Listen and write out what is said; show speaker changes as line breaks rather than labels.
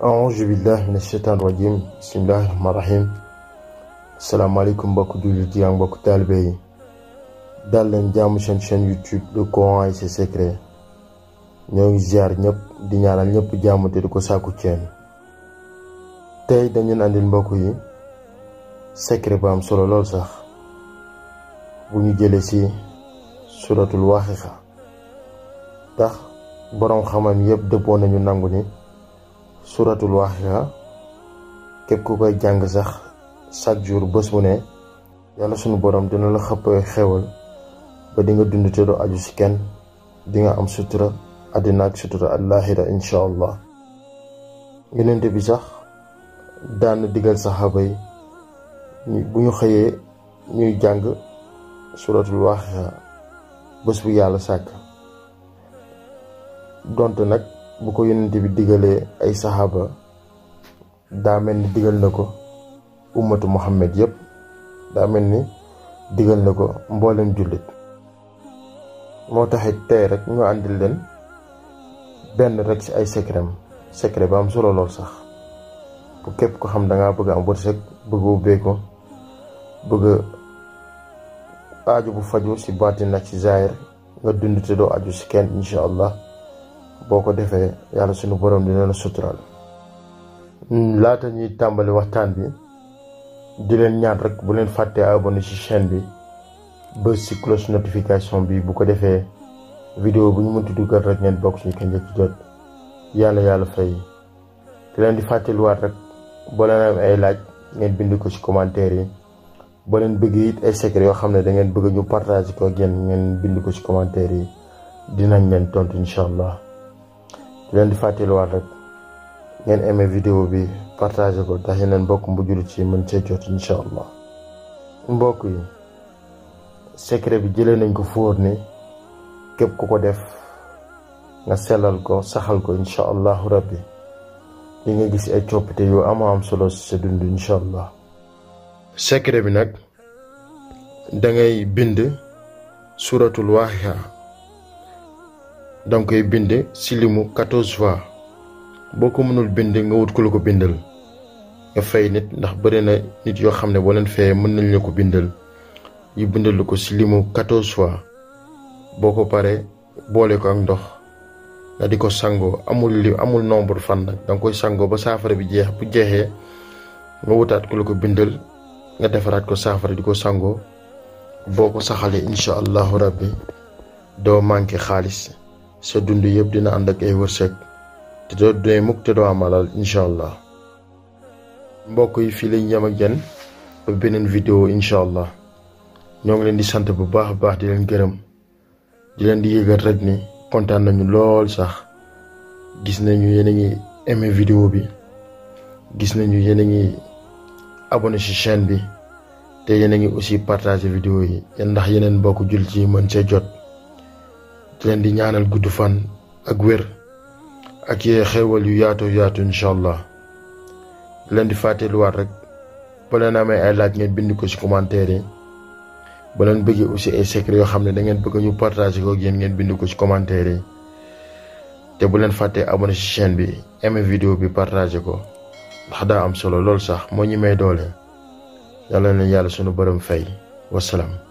auzu billahi mina sheytaani rajim bismillahi rahmaani rahim asalaamaaleykum mbokk jullit yi ak mbokk taalibe yi daal leen jàmm seen chaîne YouTube Le Coran et ses secrets ñoo ngi ziar ñëpp di ñaanal ñëpp jàmm te di ko sàkku ceen tey dañu andil mbokk yi secret ba am solo lool sax bu ñu jëlee ci suratul waaqixa tax boroom xamam yëpp dëppoo nañu nangu ni suratul waaqiya képp ku koy jàng sax chaque jour bés bu ne yàlla sunu borom dina la xëpp xewal ba di nga dund te doo aju si kenn di nga am sutura àddina ak sutura àllaaxira incha allah yonent bi sax daan digal saxaaba yi bu ñu xëyee ñuy jàng suratul waaqiya bés bu yàlla sàkk donte nag bu ko yonent bi digalee ay saxaaba daa mel ni digal na ko ummatu muhammad yëpp daa mel ni digal na ko mboolem jullit moo taxit tey rek ñu àndil leen benn rek ci ay secret secret ba am solo lool sax bu képp ko xam danga bëgg am wërsëg bëgg ubbee bëgg aaju bu faju ci baatin nag ci zaahir nga dund te doo aju ci kenn incha allah boo ko defee yàlla suñu borom dina la suturaal laata ñuy tàmbali waxtaan bi di leen ñaat rek bu leen fàttee abonné ci chaîne bi ba si cloche notification bi bu ko defee vidéo bu ñu mënti dugal rek ngeen bokk suñu ko jot yàlla yàlla fay te leen di fàttaliwaat rek boo leen ay laaj ngeen bind ko ci commentaire yi boo leen bëgg it ay secret yoo xam ne da ngeen bëgg ñu partage ko ak yéen ngeen bind ko ci commentaire yi dinañ leen tontu incha allah. leen di fàttaliwaat rek ngeen aimé vidéo bi partagé ko ndax yeneen mbokk mu ci mën cee jot incha allah mbokk yi secret bi jëlee nañ ko fóor ni képp ku ko def nga sellal ko saxal ko incha allahu rabbi li nga gis ay coppite yu ama am solo si sa dund incha allah secret bi nag dangay bind suratul waaxiya danga koy bind si limu quatorze fois boo ko mënul bind nga wut ku la ko bindal nga fay nit ndax bëri na nit yoo xam ne boo leen mën nañu ko bindal yu bindal ko si limu quatorze fois boo ko paree boole ko ak ndox nga di ko sangoo amul amul nombre fan nag danga koy sangoo ba saafara bi jeex bu jeexee nga wutaat ku la ko bindal nga defaraat ko saafara di ko sangoo boo ko saxalee incha allahu rabbi doo manqué xaalis sa dund yëpp dina ànd ak ay e wërsëg te do doy mukk te doo allah mbokk yi fii lañ yem ak yéen ba vidéo allah ñoo ngi leen di sante bu baax baax di leen gërëm di leen di yëgal rek ni kontaan nañu lool sax gis nañu yéen a ngi aimé vidéo bi gis nañu yéen a ngi abonné ci chaîne bi te yéen a ngi aussi partagé vidéo yi ndax yeneen mbokk jullit yi mën see jot. di leen di ñaanal gudd fan ak wér ak yee xewal yu yaatoo yaatu incha allah di leen di fàtteluwaat rek ba leen a amee ay laaj ngeen bind ko ci commentaire yi ba leen bëggee aussi ay secret yoo xam ne da ngeen bëgg ñu partager ko ak ngeen bind ko ci commentaire yi te bu leen fàttee abonné ci chaîne bi aimé vidéo bi partager ko ndax daa am solo loolu sax moo ñi may doole yàlla leen yàlla sunu borom fay wasalaam.